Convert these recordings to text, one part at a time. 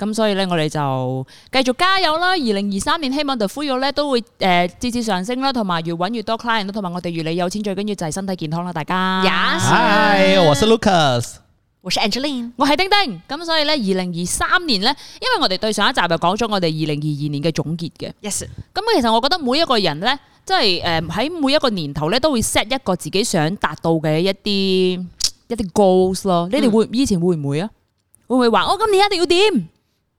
咁所以咧，我哋就繼續加油啦！二零二三年希望我哋 The Fuyoh 咧都會誒節節上升啦，同埋越揾越多 client 同埋我哋越嚟有錢，最緊要就係身體健康啦，大家。Yes。Hi，我係 Lucas，我是 Angeline，我係丁丁。咁所以咧，二零二三年咧，因為我哋對上一集又講咗我哋二零二二年嘅總結嘅。Yes。咁其實我覺得每一個人咧，即係誒喺每一個年頭咧，都會 set 一個自己想達到嘅一啲一啲 goals 咯。你哋會、嗯、以前會唔會啊？會唔會話我、哦、今年一定要點？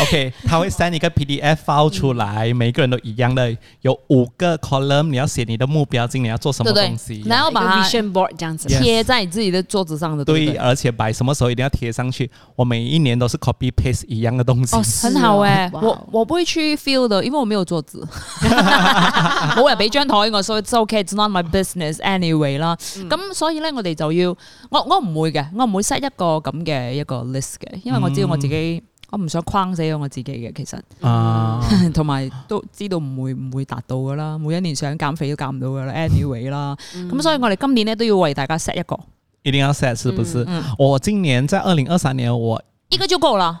O.K. 他 會 send 一個 PDF file 出來，嗯，每一個人都一樣的，有五個 column，你要寫你的目標，今年要做什麼東西，對對，然後我把它 v 這樣子貼在你自己的桌子上的，對，對，對，而且擺什麼時候一定要貼上去，我每一年都是 copy paste 一樣的東西。哦、很好誒、欸，我我不會去 feel 的，因為我沒有桌子，冇人俾張台我，所以，so k、okay, it's not my business anyway 啦。咁、嗯、所以呢，我哋就要，我我唔會嘅，我唔會，會 set 一個咁嘅一個 list 嘅，因為我知道、嗯、我自己。我唔想框死我我自己嘅，其實，同、啊、埋 都知道唔會唔會達到噶啦，每一年想減肥都減唔到噶啦，Anyway 啦，咁所以我哋今年咧都要為大家 set 一個，一定要 set，是不是？嗯嗯，我今年在二零二三年我一個就夠啦。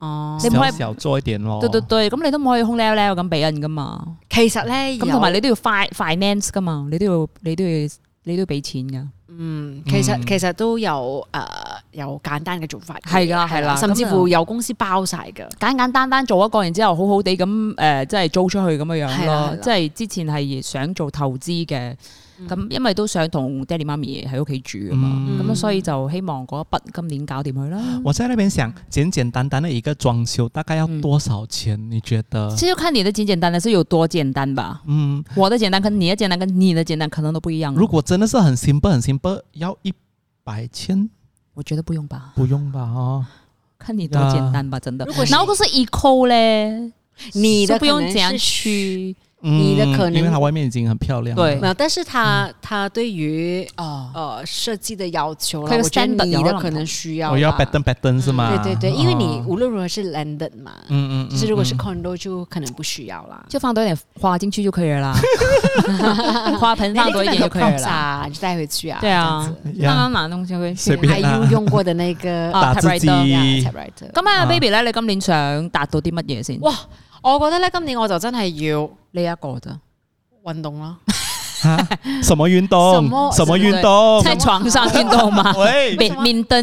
哦、啊，你唔可以做再點咯，對對對，咁你都唔可以空溜溜咁俾人噶嘛。其實咧，咁同埋你都要快 finance 噶嘛，你都要你都要你都俾錢噶。嗯，其實、嗯、其實都有誒、呃、有簡單嘅做法，係噶係啦，甚至乎由公司包晒噶，簡簡單單做一個，然之後好好地咁誒，即、呃、係、就是、租出去咁嘅樣咯。即係之前係想做投資嘅。咁、嗯嗯，因為都想同爹地媽咪喺屋企住啊嘛，咁、嗯嗯、所以就希望嗰筆今年搞掂佢啦。我在那邊想，簡簡單單的一個裝修大概要多少錢？嗯、你覺得？其實就看你的簡簡單單是有多簡單吧。嗯，我的簡單跟你的簡單跟你的簡單可能都不一樣。如果真的是很 simple，很 simple，要一百千？我覺得不用吧。不用吧啊？看你多簡單吧，真的。如果如果是一扣咧，你都不用點去。嗯、你的可能，因為它外面已經很漂亮了，對。沒有，但是它它對於、嗯、呃呃設計的要求啦，可有我覺得你的可能需要。我、哦、要擺燈擺燈是嗎、嗯？對對對，哦、因為你無論如何是 landed 嘛。嗯嗯，嗯，嗯，嗯嗯。就是如果是 Condo 就可能不需要啦，就放多一點花進去就可以了啦。花 盆放多一點就可以了。你 就帶回去啊。 對啊。剛剛馬東就會去隨便啦、啊。還有用過的那個。啊，typewriter，typewriter 打自己。咁、哦、啊，Baby、啊、來你今年想達到啲乜嘢先？哇！我覺得咧今年我就真係要呢一個啫，運動咯、啊。什麼運動？什麼什麼運動？即係 床上運動嘛？喂，面面燈。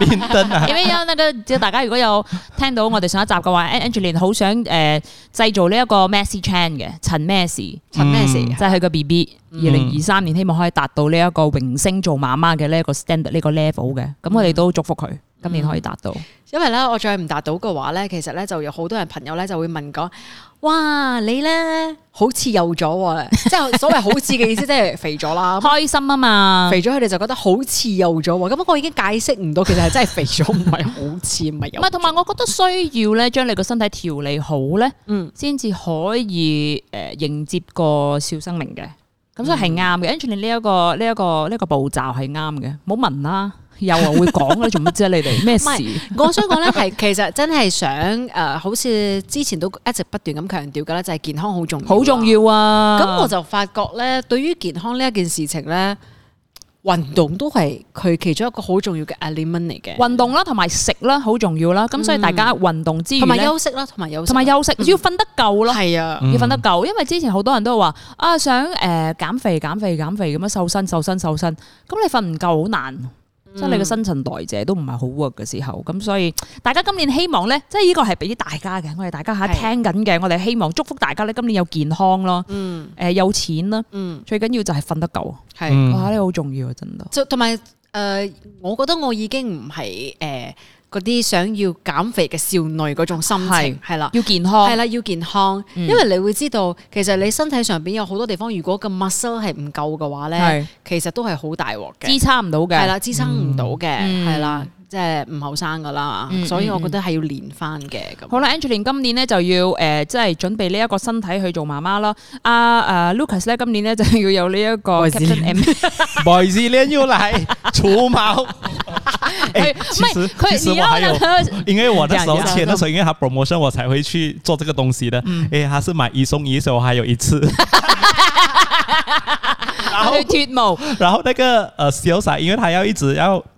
面燈有那個大家如果有聽到我哋上一集嘅話，Angeline 好想誒製造呢一個 Messy Chan 嘅陳咩事？陳咩事？即係佢個 B B 二零二三年希望可以達到呢一個榮升做媽媽嘅呢一個 standard 呢個 level 嘅，咁我哋都祝福佢。今年可以達到，因為咧我再唔達到嘅話咧，其實咧就有好多人朋友咧就會問講，哇你咧好似幼咗，即 係所謂好似嘅意思，即係肥咗啦，開心啊嘛，肥咗佢哋就覺得好似幼咗，咁我已經解釋唔到，其實係真係肥咗，唔係好似唔係幼。唔係同埋，我覺得需要咧將你個身體調理好咧，嗯，先至可以誒迎接個小生命嘅。咁、嗯、所以係啱嘅 actually 呢一個呢一個呢個步驟係啱嘅，冇問啦。有啊，會講咧，做乜啫？你哋咩事？唔係，我想講咧，係其實真係想誒，好似之前都一直不斷咁強調噶啦，就係、是、健康好重要，好重要啊！咁我就發覺咧，對於健康呢一件事情咧，運動都係佢其中一個好重要嘅 element 嘅運動啦，同埋食啦，好重要啦。咁所以大家運動之餘，同、嗯、埋休息啦，同埋休同埋休息，休息、嗯、要瞓得夠咯，係、嗯、啊，要瞓得夠。因為之前好多人都話啊，想誒減、呃、肥、減肥、減肥咁樣瘦身、瘦身、瘦身，咁你瞓唔夠好難。即係你嘅新陳代謝都唔係好 work 嘅時候，咁所以大家今年希望咧，即係呢個係俾大家嘅，我哋大家喺聽緊嘅，我哋希望祝福大家咧今年有健康咯，誒、嗯、呃、有錢啦、嗯，最緊要就係瞓得夠，係、嗯、哇呢好重要啊真係。就同埋誒，我覺得我已經唔係誒。呃嗰啲想要減肥嘅少女嗰種心情係，係啦，要健康係啦，要健康，健康，嗯、因為你會知道其實你身體上邊有好多地方，如果個 muscle 係唔夠嘅話咧，是其實都係好大鑊嘅，支撐唔到嘅係啦，支撐唔到嘅係啦。即係唔後生噶啦，嗯，所以我覺得係要練翻嘅咁。好啦，Angeline 今年咧就要誒，即、呃、係、就是、準備呢一個身體去做媽媽囉。阿、啊、誒、啊、Lucas 咧今年咧就要有呢一個 Captain、Boy、M。boys 咧要嚟除毛。 欸、你因為我的手乾，所 以因為他 promotion 我才會去做這個東西的。誒、嗯欸，他是買一送一，所以我還有一次。 然後脫毛。 然後那個誒 s i 因為他要一直要。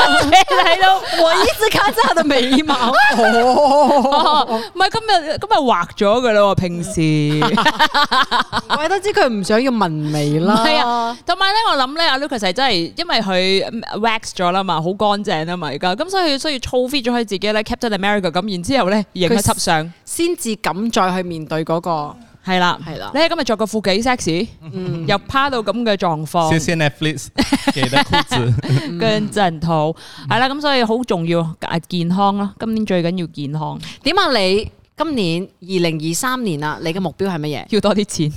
喺度 我依隻卡扎的眉毛，唔係、 哦哦、今日今日畫咗噶啦，平時 我都知佢唔想要紋眉啦。係啊，同埋咧，我諗咧，阿 Lucas 係真係因為佢 wax 咗啦嘛，好乾淨啦嘛，而家咁，所以佢需要操 fit 咗佢自己咧，Captain America 咁，然之後咧影佢輯相先至敢再去面對嗰、那個。係啦，係啦，你今日着個褲幾 sexy，又趴到咁嘅狀況，黐線 Netflix 黐得褲子，跟住人肚，係啦，咁所以好重要啊健康咯，今年最緊要健康。點啊你今年二零二三年啦，你嘅目標係乜嘢？要多啲錢。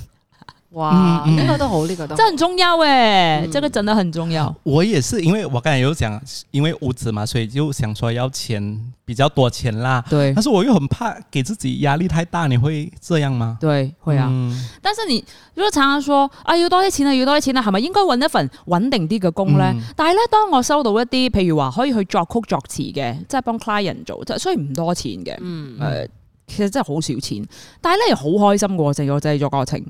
哇！應、嗯、該、嗯這個、都好呢、這個都，這很重要誒，這、嗯、個真，真的很重要。我也是，因為我剛才有講，因為屋子嘛，所以就想說要錢比較多錢啦。對，但是我又很怕給自己壓力太大。你會這樣嗎？對，會啊、嗯。但是你如果常常說啊要多啲錢啊要多啲錢啊，係咪、啊、應該搵一份穩定啲嘅工呢、嗯、但係咧，當我收到一啲譬如話可以去作曲作詞嘅，即係幫 client 做，就雖然唔多錢嘅，誒、嗯呃，其實真係好少錢，但係咧又好開心過，成個製作過程。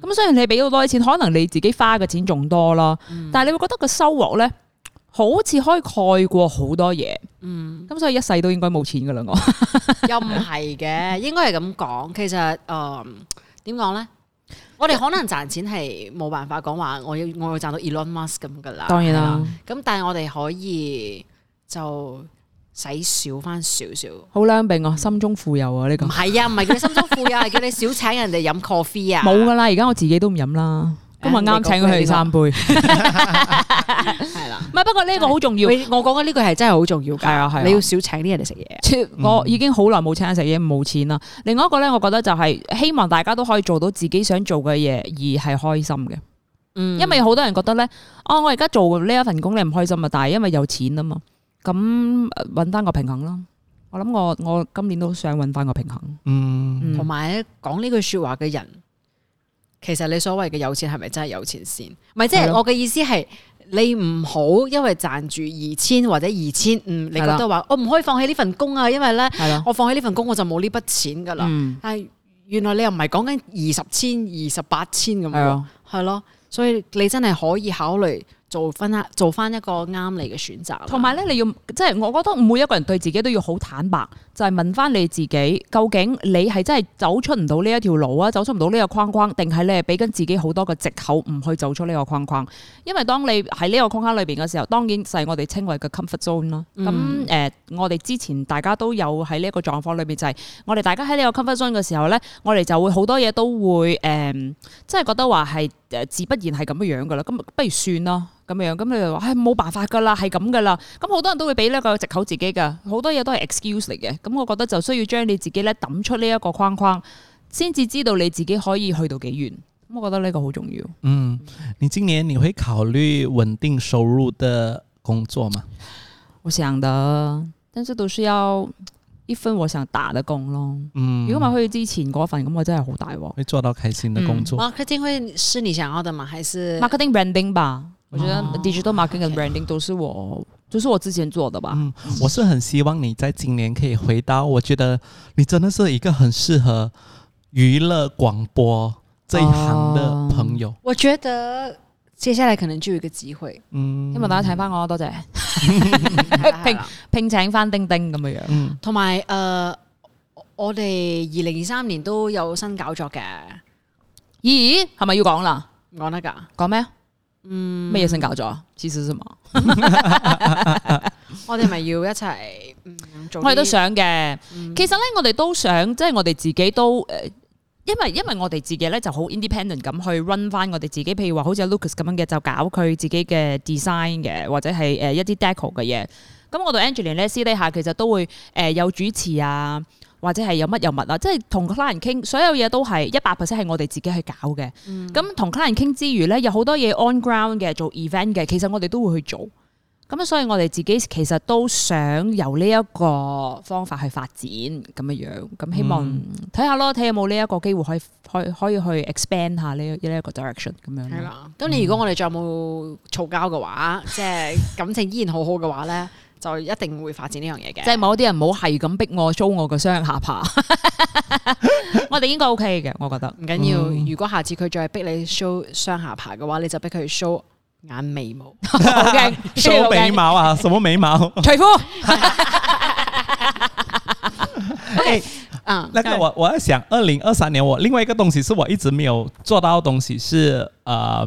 咁雖然你俾好多錢，可能你自己花嘅錢仲多啦、嗯。但係你會覺得個收穫咧，好似可以蓋過好多嘢。嗯，咁所以一世都應該冇錢噶啦，我又唔係嘅， 應該係咁講。其實誒，點講咧？我哋可能賺錢係冇辦法講話，我要我要賺到 Elon Musk 咁噶啦。當然啦，咁但係我哋可以就。使少翻少少，好兩病啊，心中富有啊！呢、這個唔係啊，唔係叫你心中富有，係 叫你少請人哋飲 coffee 啊沒！冇噶啦，而家我自己都唔飲啦，今日啱請佢三杯、嗯，係啦、這個。唔 係， 不過呢個好重要，我講嘅呢個係真係好重要，係 你要少請啲人哋食嘢。我已經好耐冇請人食嘢，冇錢啦。另外一個咧，我覺得就係希望大家都可以做到自己想做嘅嘢，而係開心嘅。嗯、因為好多人覺得咧，哦、啊，我而家做呢一份工，你唔開心啊，但係因為有錢啊嘛。咁揾翻個平衡咯，我諗我我今年都想揾翻個平衡，嗯，同埋咧講呢句說話嘅人，其實你所謂嘅有錢係咪真係有錢先？唔係，即係我嘅意思係對咯 你唔好因為賺住二千或者二千五，你覺得話對咯 我唔可以放棄呢份工啊，因為咧，對咯 我放棄呢份工我就冇呢筆錢噶啦。但係對咯 原來你又唔係講緊二十千、二十八千咁樣，係咯，所以你真係可以考慮。做翻一做翻一個啱你嘅選擇，同埋咧你要即係，我覺得每一個人對自己都要好坦白，就係、是、問翻你自己，究竟你係真係走出唔到呢一條路啊，走出唔到呢個框框，定係你係俾緊自己好多個藉口唔去走出呢個框框？因為當你喺呢個框框裏面嘅時候，當然就係我哋稱為嘅 comfort zone 咯、嗯。咁、呃、我哋之前大家都有喺呢一個狀況裏邊、就是，就係我哋大家喺呢個 comfort zone 嘅時候咧，我哋就會好多嘢都會、呃、即係覺得話係自不然係咁樣㗎噶啦，咁不如算咯。咁樣咁、嗯、你就話，唉，冇辦法噶啦，係咁噶啦。咁、嗯、好多人都會俾呢個藉口自己噶，好多嘢都係 excuse 嚟嘅。咁、嗯、我覺得就需要將你自己咧抌出呢一個框框，先至知道你自己可以去到幾遠。咁、嗯、我覺得呢個好重要。嗯，你今年你會考慮穩定收入嘅工作嗎？我想得，但是都是要一份我想打嘅工咯。嗯，如果唔係之前嗰份，咁我真係好大鑊，會做到開心嘅工作。marketing、嗯、會是你想要的嗎？還是 marketing branding 吧？.我覺得 digital marketing 跟 branding 都是我，就是我之前做的吧、嗯。我是很希望你在今年可以回到，我覺得你真的是一個很適合娛樂廣播這一行的朋友。Uh, 我覺得接下來可能就有一個機會。嗯，希望大家睇翻我、嗯，多謝聘聘 請翻丁丁咁嘅樣。同埋誒，我哋二零二三年都有新搞作嘅。咦，係咪要講啦？講得噶，講咩？嗯，咩嘢先搞咗啊？只 是啫嘛、嗯嗯，我哋咪要一齊做，我哋都想嘅。其實咧，我哋都想，即、就、係、是、我哋自己都，誒、呃，因為因為我哋自己咧就好 independent 咁去 run 翻我哋自己，譬如話好似阿 Lucas 咁樣嘅，就搞佢自己嘅 design 嘅，或者係誒一啲 decor 嘅嘢。咁我哋 Angeline 咧私底下其實都會誒、呃、有主持啊。或者係有乜有物啊！即係同 client 傾，所有嘢都係一百 percent 係我哋自己去搞嘅。咁同 client 傾之餘咧，有好多嘢 on ground 嘅，做 event 嘅，其實我哋都會去做。咁所以我哋自己其實都想由呢一個方法去發展咁樣樣。咁希望睇下咯，睇有冇呢一個機會可以可以去 expand 下呢呢一個 direction 咁樣。係啦。咁、嗯、你如果我哋再冇嘈交嘅話， 即係感情依然好好嘅話咧。.就一定會發展呢樣嘢嘅，即、就、係、是、某啲人冇係咁逼我 show 我嘅雙下巴， 我哋應該 O K 嘅，我覺得唔緊要、緊要、嗯。如果下次佢再逼你 show 雙下巴嘅話，你就逼佢 show 眼眉毛，OK，s h o w 眉毛啊？什麼眉毛？除 夫徐富。誒、 okay，嗯，啊、那個，我我喺想二零二三年，我另外一個東西是我一直沒有做到的東西是，是、呃、啊。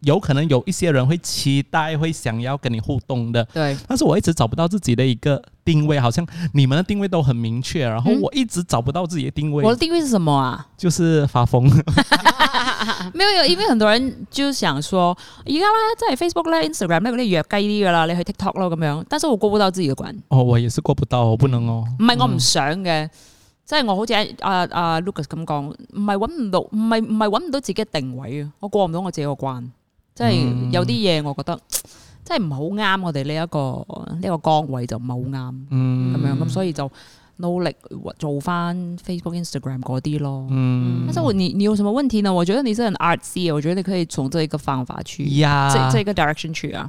有可能有一些人會期待，會想要跟你互動的。對。但是我一直找不到自己的一個定位，好像你們的定位都很明確，嗯、然後我一直找不到自己的定位。我的定位是什麼啊？就是發瘋。 沒有有，因為很多人就想說，宜家啦，即係 Facebook 啦 Instagram 咧，嗰啲弱雞啲噶啦，你去 TikTok 咯咁樣。但是我過不到自己的關。哦，我也是過不到，我不能哦。唔、嗯、係、嗯，我唔想嘅。即係我好似阿阿 Lucas 咁講，唔係揾唔到，唔係唔係揾唔到自己嘅定位啊！我過唔到我自己個關，即係、嗯、有啲嘢我覺得，即係唔好啱我哋呢一個呢、這個崗位就唔係好啱咁樣咁，所以就努力做翻 Facebook、Instagram 嗰啲咯。嗯，但是你你有什麼問題呢？我覺得你真係 artie，我覺得你可以從這一個方法去，這 Yeah. 這個 direction 去啊。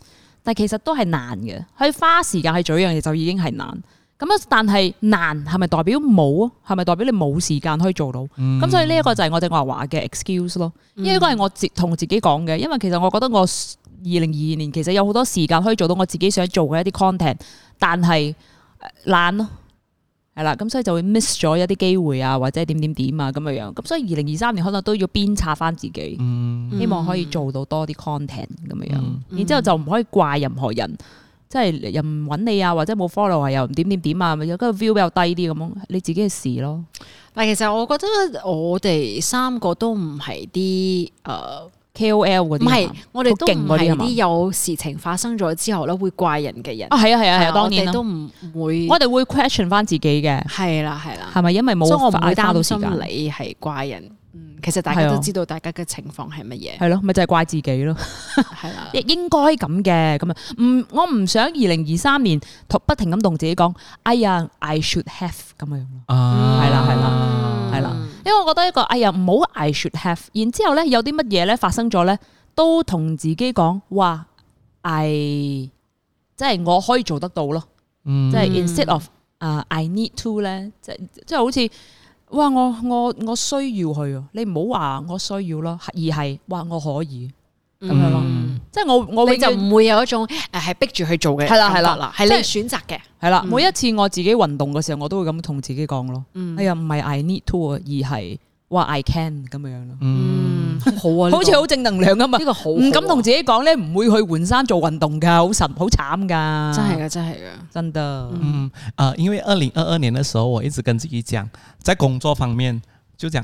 但其實都係難嘅，去花時間去做一樣嘢就已經係難。咁啊，但係難係咪代表冇啊？係咪代表你冇時間可以做到？咁、嗯、所以呢一個就係我哋話話嘅 excuse 咯。呢一個係我自同自己講嘅，因為其實我覺得我二零二二年其實有好多時間可以做到我自己想做嘅一啲 content，但係懶咯。係啦，咁所以就會 miss 咗一啲機會啊，或者點點點啊咁樣，咁所以二零二三年可能都要鞭策翻自己，嗯，希望可以做到多啲 content 咁樣，嗯、然之後就唔可以怪任何人，即係又唔揾你啊，或者冇 follow 又唔點點點啊，有個 view 比較低啲咁樣，你自己嘅事咯。但其實我覺得我哋三個都唔係啲誒。呃 K.O.L. 啲唔係，我哋都唔係啲有事情發生咗之後咧，會怪人嘅人。啊，係啊，係啊，啊，啊，我哋都唔會，我哋會 question 翻自己嘅。係啦、啊，係啦、啊，係咪、啊啊、因為冇？所以我唔打到心你係怪人、嗯。其實大家都知道，大家嘅情況係乜嘢？係咯、啊，咪、啊、就係、是、怪自己咯。係啦、啊，亦 應該咁嘅咁啊。嗯，我唔想二零二三年不停咁同自己講：哎呀，I should have 咁啊樣。啊，係啦、啊，係啦、啊，係、嗯、啦。因為我覺得一個哎呀唔好 I should have，然之後咧有啲乜嘢咧發生咗咧，都同自己講哇 I 即係我可以做得到咯，mm. 即係 instead of 啊、uh, I need to 咧，即即係好似哇我我我需要佢，你唔好話我需要咯，而係哇我可以咁樣咯。Mm. 即係我我會就唔會有一種，誒係逼住去做嘅，係啦係啦係你的選擇嘅係啦。每一次我自己運動嘅時候，我都會咁同自己講咯。嗯，哎呀唔係 I need to，而係話 I can，咁樣樣咯。嗯好，好啊，好似好正能量咁嘛。呢個好唔敢同自己講咧，唔會去換衫做運動噶。好神好慘噶，真係噶，真係噶，真得！嗯啊、呃、因為二零二二年嘅時候，我一直跟自己講，在工作方面就講。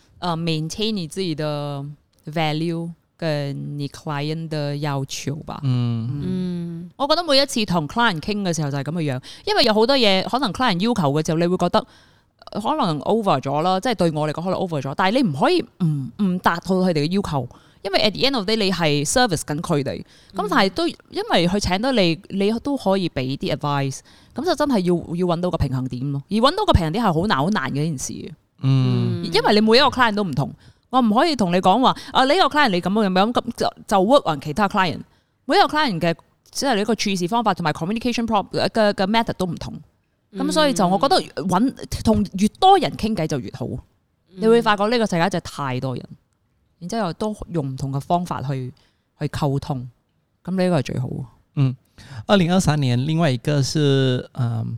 呃，maintain 你自己嘅 value，跟你 client 的要求吧。嗯，我覺得每一次同 client 傾嘅時候就係咁嘅樣，因為有好多嘢可能 client 要求嘅時候你會覺得可能 over 咗啦，即係對我嚟講可能 over 咗，但係你唔可以唔唔達到佢哋嘅要求，因為 at the end of day 你係 service 緊佢哋，咁但係都因為佢請到你，你都可以俾啲 advice，咁就真係要要揾到個平衡點咯，而揾到個平衡點係好難好難嘅一件事。嗯，因為你每一個 client 都唔同，我唔可以同你講話啊，呢個 client 你咁樣咁樣咁就就 work on 其他 client，每一個 client 嘅即係你個處事方法同埋 communication prop 嘅嘅 method 都唔同，咁、嗯、所以就我覺得搵同越多人傾偈就越好、嗯，你會發覺呢個世界就太多人，然之後都用唔同嘅方法去去溝通，咁呢個係最好。嗯，二零二三年另外一個是嗯。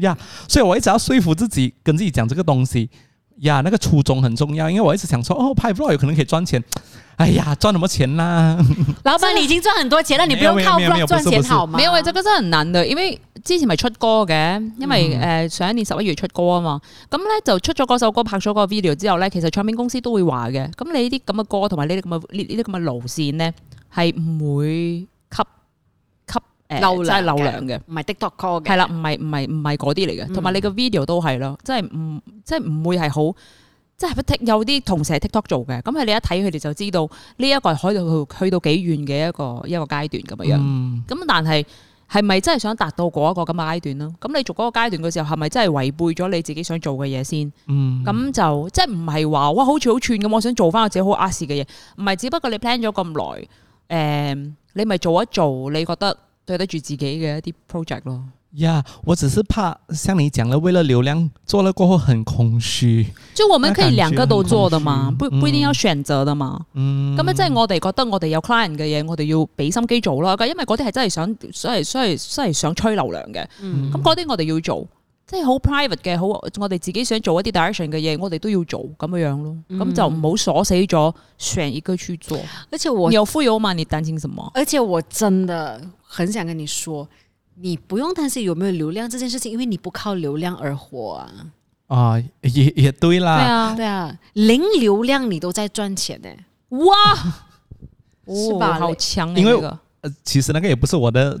呀、yeah,，所以我一直要說服自己，跟自己講這個東西，呀、yeah,，那個初衷很重要，因為我一直想說，哦，拍 vlog 有可能可以賺錢，哎呀，賺什麼錢啦、啊？老闆 你已經賺很多錢，但你不用靠 video 賺錢好嗎？沒有啊，這個真很難的，因為之前咪出歌嘅，因為誒，上一年十一月出歌啊嘛，咁、嗯、咧就出咗嗰首歌，拍咗嗰個 video 之後咧，其實唱片公司都會話嘅，咁你呢啲咁嘅歌，同埋你啲咁嘅呢呢啲咁嘅路線咧，係唔會。流量的、呃、真係流量嘅，唔係 TikTok call 嘅係啦，唔係唔係唔係嗰啲嚟嘅。同埋你個 video 都係咯，即係唔即係唔會係好即係。有啲同事係 TikTok 做嘅，咁你一睇佢哋就知道呢一、這個係可以去到幾遠嘅一個一個階段咁樣。咁、嗯、但係係咪真係想達到嗰一個咁嘅階段咧？咁你做嗰個階段嘅時候，係咪真係違背咗你自己想做嘅嘢先？咁、嗯、就即係唔係話哇，好似好串咁，我想做返我自己好扼事嘅嘢，唔係，只不過你 plan 咗咁耐，誒、呃、你咪做一做，你覺得？對得住自己嘅一啲 project 咯，呀、yeah，我只是怕，像你講嘅，為了流量做了過後很空虛。就我們可以兩個都做嘅嘛，不、嗯、不一定要選擇嘅嘛。咁樣，即係我哋覺得我哋有 client 嘅嘢，我哋要俾心機做咯。因為嗰啲係真係想，真係真係真係想吹流量嘅。咁嗰啲我哋要做。即係好 private 嘅，好我哋自己想做一啲 direction 嘅嘢，我哋都要做咁樣樣咯，咁、嗯、就唔好鎖死咗選一個去做。而且我有富有嘛，你擔心什麼？而且我真的很想跟你說，你不用擔心有沒有流量這件事情，因為你不靠流量而活啊。啊，也也對啦，對啊，對啊，零流量你都在賺錢呢、欸。哇，哇、 哦，好強、啊，因為，呃、那個，其實那個也不是我的。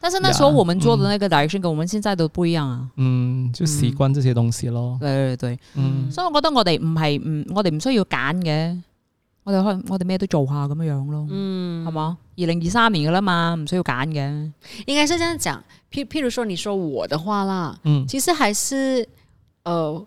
但是那時候我們做的那個 direction 跟、嗯、我們現在都不一樣啊，嗯，就習慣這些東西咯、嗯，對對對，嗯，所以我覺得我哋唔係，嗯，我哋唔需要揀嘅，我哋開我哋咩都做下咁樣樣咯，嗯，係嘛，二零二三年噶啦嘛，唔需要揀嘅，應該是這樣講，譬譬如說你說我的話啦，嗯，其實還是，呃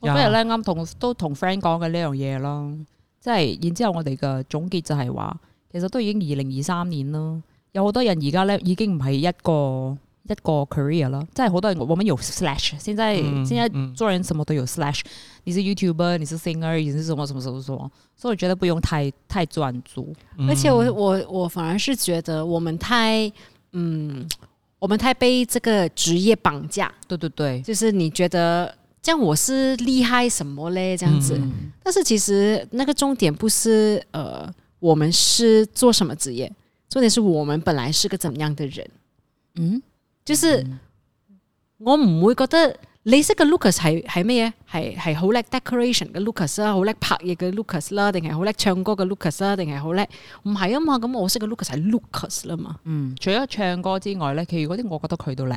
Yeah. 我今日咧啱同都同 friend 講嘅呢樣嘢咯，即係然之後我哋嘅總結就係話，其實都已經二零二三年咯，有好多人而家咧已經唔係一個一個 career 咯，即係好多人我我們有 slash，現在、嗯、現在做人什麼都有 slash，、嗯、你是 YouTuber，你是 singer，你是什麼什麼什麼什麼，什麼，所以我覺得不用太太專注。嗯、而且我我我反而是覺得我們太嗯，我們太被這個職業綁架。對對對，就是你覺得。像我是厲害什麼咧，這樣子。但是其實那個重點不是，呃，我們是做什麼職業，重點是我們本來是個怎麼樣的人。嗯，就是我唔會覺得你識嘅 Lucas 係係咩嘢？係係好叻 Decoration 嘅 Lucas 啦，好叻拍嘢嘅 Lucas 啦，定係好叻唱歌嘅 Lucas 啦，定係好叻，唔係啊嘛，咁我識嘅 Lucas 係 Lucas 啦嘛。嗯，除咗唱歌之外咧，其餘嗰啲我覺得佢都叻。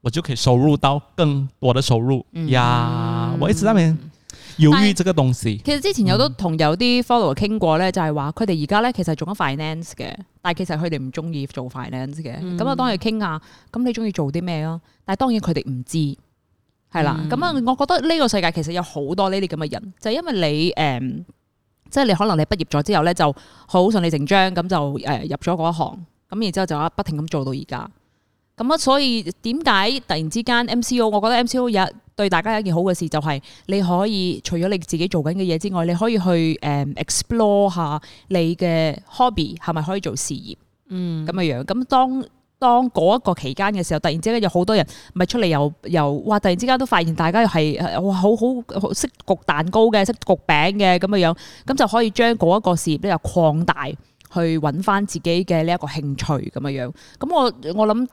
我就可以收入到更多的收入呀、yeah，嗯！我一直喺度猶豫這個東西。其實之前有都同有啲 followers 傾過咧、嗯，就係話佢哋而家咧其實做 finance 嘅，但係其實佢哋唔中意做 finance 嘅。咁、嗯、啊，當佢傾啊，咁你中意做啲咩咯？但係當然佢哋唔知係啦。咁、嗯、啊，我覺得呢個世界其實有好多呢啲咁嘅人，就是、因為你誒，即、嗯、係、就是、你可能你畢業咗之後咧就好順理成章咁就誒入咗嗰一行，咁然之後就不停咁做到而家。咁啊，所以點解突然之間 MCO？我覺得 MCO 有對大家有一件好嘅事，就係你可以除咗你自己做緊嘅嘢之外，你可以去誒 explore 下你嘅 hobby 係咪可以做事業，嗯，咁嘅樣。咁當當嗰一個期間嘅時候，突然之間有好多人咪出嚟又又哇！突然之間都發現大家係好好識焗蛋糕嘅，識焗餅嘅咁嘅樣，咁就可以將嗰一個事業咧又擴大去搵返自己嘅呢一個興趣咁嘅樣。咁我我諗。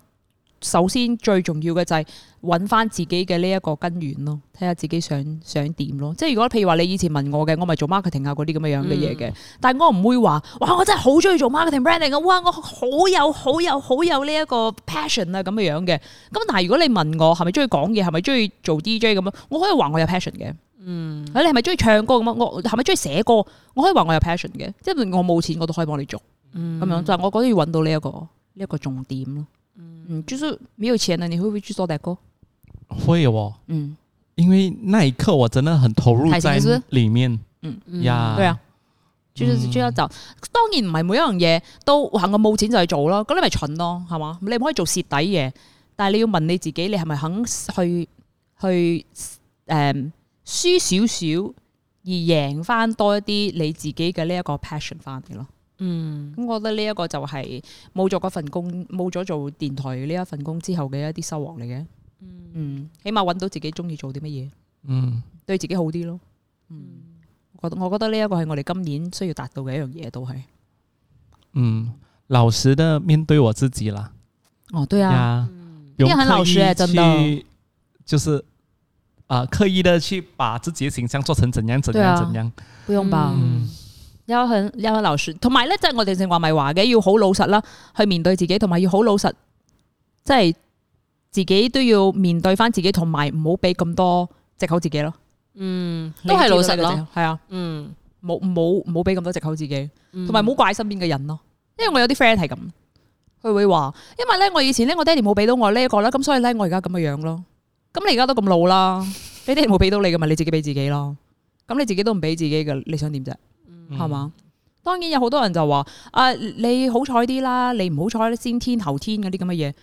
首先最重要嘅就係揾翻自己嘅呢一個根源咯，睇下自己想想點咯。即係如果譬如話你以前問我嘅，我咪做 marketing 啊嗰啲咁嘅樣嘅嘢嘅。但係我唔會話，哇！我真係好中意做 marketing branding 啊！哇！我好有好有好有呢一個 passion 啊咁嘅樣嘅。咁但係如果你問我係咪中意講嘢，係咪中意做 DJ 咁咯，我可以話我有 passion 嘅。嗯，啊、你係咪中意唱歌咁咯？我係咪中意寫歌？我可以話我有 passion 嘅。即係我冇錢，我都可以幫你做。嗯，咁樣就我覺得要揾到呢一個呢一個重點咯。嗯，就是沒有錢啦，你會唔會去做大哥會喎、哦，嗯，因為那一刻我真的很投入在裏面，嗯，嗯呀，對啊，主要就，是嗯、就，就，就，就當然唔係每一樣嘢都話我冇錢就去做咯，咁你咪蠢咯，係嘛，你唔可以做蝕底嘢，但係你要問你自己，你係咪肯去去誒輸少少而贏翻多一啲你自己嘅呢一個 passion 翻嚟咯。嗯，咁、嗯、我覺得呢一個就係冇咗嗰份工，冇咗做電台呢一份工之後嘅一啲收穫嚟嘅。嗯，起碼揾到自己中意做啲乜嘢，嗯，對自己好啲咯。嗯，我覺得我覺得呢一個係我哋今年需要達到嘅一樣嘢，都係。嗯，老實的面對我自己啦。哦，對啊，對啊，嗯、用刻意去，實就是啊、呃，刻意的去把自己嘅形象做成怎樣怎樣怎樣，啊怎樣，怎樣，不用吧。嗯有肯有流有我說，同埋咧，即係我哋正話咪話嘅，要好老實啦，去面對自己，同埋要好老實，即係自己都要面對翻自己，同埋唔好俾咁多藉口自己咯。嗯，都係老實咯，係啊，嗯，冇冇冇俾咁多藉口自己，同埋唔好怪身邊嘅人咯。因為我有啲 friend 係咁，佢會話，因為咧我以前咧我爹哋冇俾到我呢、這、一個啦，咁所以咧我而家咁嘅樣咯。咁你而家都咁老啦，你爹哋冇俾到你噶嘛，你自己俾自己咯。咁你自己都唔俾自己噶，你想點啫？係嘛，嗯，當然有好多人就話，啊，你好彩啲啦，你唔好彩咧，先天後天嗰啲咁嘅嘢。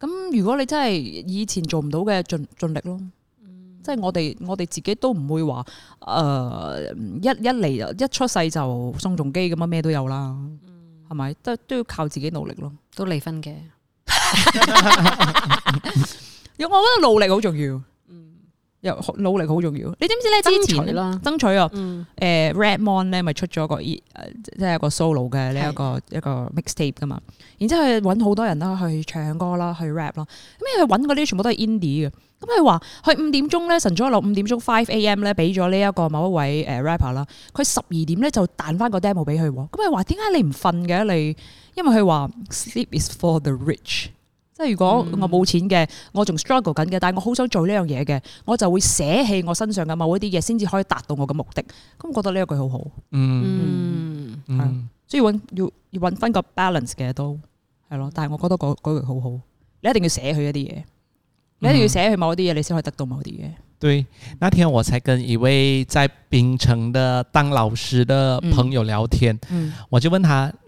咁如果你真係以前做唔到嘅，盡盡力咯。即、嗯、係、就是、我哋我哋自己都唔會話，誒、呃，一一嚟、一出世就宋仲基咁樣，咩都有啦。係、嗯、咪，都都要靠自己努力咯，都離婚嘅。有， 我覺得努力好重要。又努力好重要，你知唔知咧？之前爭取咯，爭取啊！誒、嗯呃、Rap Mon 咧咪出咗個即係一個 solo 嘅呢一個一個 mixtape 噶嘛，然之後揾好多人啦去唱歌啦，去 rap 咯。咁佢揾嗰啲全部都係 indie 嘅。咁佢話佢五點鐘咧，晨早六五點鐘 five a.m. 咧，俾咗呢一個某一位誒 rapper 啦。佢十二點咧就彈翻個 demo 俾佢喎。咁佢話點解你唔瞓嘅你？因為佢話 sleep is for the rich。即係如果我冇錢嘅，我仲 struggle 緊嘅，但係我好想做呢樣嘢嘅，我就會捨棄我身上嘅某一啲嘢，先至可以達到我嘅目的。咁覺得呢句好好，嗯，係、嗯嗯嗯，所以要揾要要揾翻個 balance 嘅都係咯。但係我覺得嗰句好好，你一定要捨去一啲嘢，你一定要捨去某一啲嘢，你先可以得到某啲嘢。對，那天我才跟一位在檳城的當老師的朋友聊天，嗯嗯、我就問他。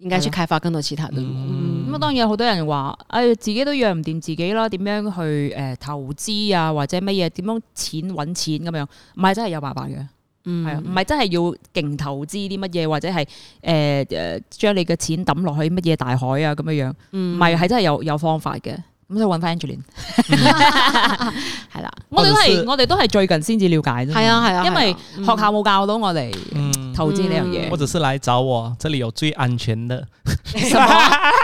點解去開發更多資產咁啊，當然有好多人話，唉、哎，自己都養唔掂自己啦，點樣去誒、呃、投資啊，或者乜嘢？點樣錢揾錢咁樣？唔係真係有辦法嘅，嗯，係啊，唔係真係要勁投資啲乜嘢，或者係誒誒將你嘅錢抌落去乜嘢大海啊咁樣樣，唔係係真係有有方法嘅。咁就揾翻 Angeline 係啦，我哋都係，我哋都係最近先至了解啫。係啊，係啊，因為學校冇教到我哋投資呢樣嘢。我只是來找我，這裏有最安全的。 什麼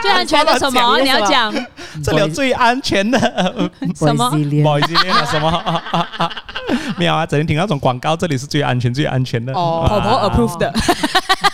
最安全的什麼？講什麼你要講？這裏有最安全的 什麼？巴西蓮啊，什麼？ 什麼 沒有啊，成日聽到種廣告。這裏是最安全、最安全的。哦、婆婆 approved。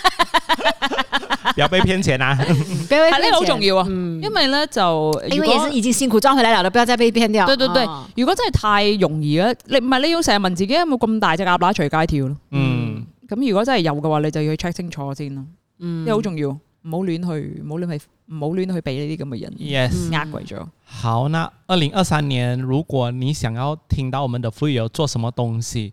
不要被騙錢啊 被！ 呢個好重要啊，嗯、因為咧就因為也是已經辛苦賺回來了，不要再被騙掉。對對對，哦、如果真係太容易啦，啊，你唔係你要成日問自己有冇咁大隻鴨乸隨街跳咯。嗯，咁、嗯、如果真係有嘅話，你就要去 check 清楚先咯。嗯，呢個好重要，唔好亂去，唔好亂去，唔好亂去俾呢啲咁嘅人。Yes，呃鬼咗。好，那二零二三年，如果你想要聽到我們的 Fuyoh 做什麼東西？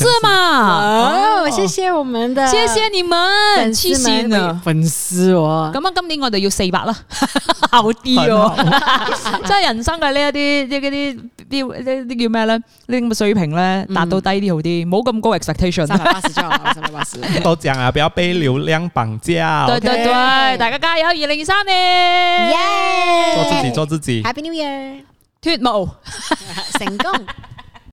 是嘛？哦，謝謝我們的，謝謝你們，真心的粉絲哦。咁啊，今年我哋要四百啦，好啲哦。即係 人生嘅呢一啲，呢啲啲呢啲叫咩咧？呢啲咁嘅水平咧，達到低啲好啲，冇、嗯、咁高 expectation。三百八十就好， 三百八十。都講啊，不要被流量綁架。對對對，okay，大家加油，二零二三年，耶、yeah！做自己，做自己，Happy New Year，脫毛成功。